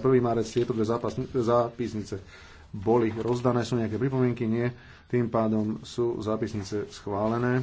1. marec tieto dve zápisnice boli rozdané. Sú nejaké pripomienky? Nie. Tým pádom sú zápisnice schválené.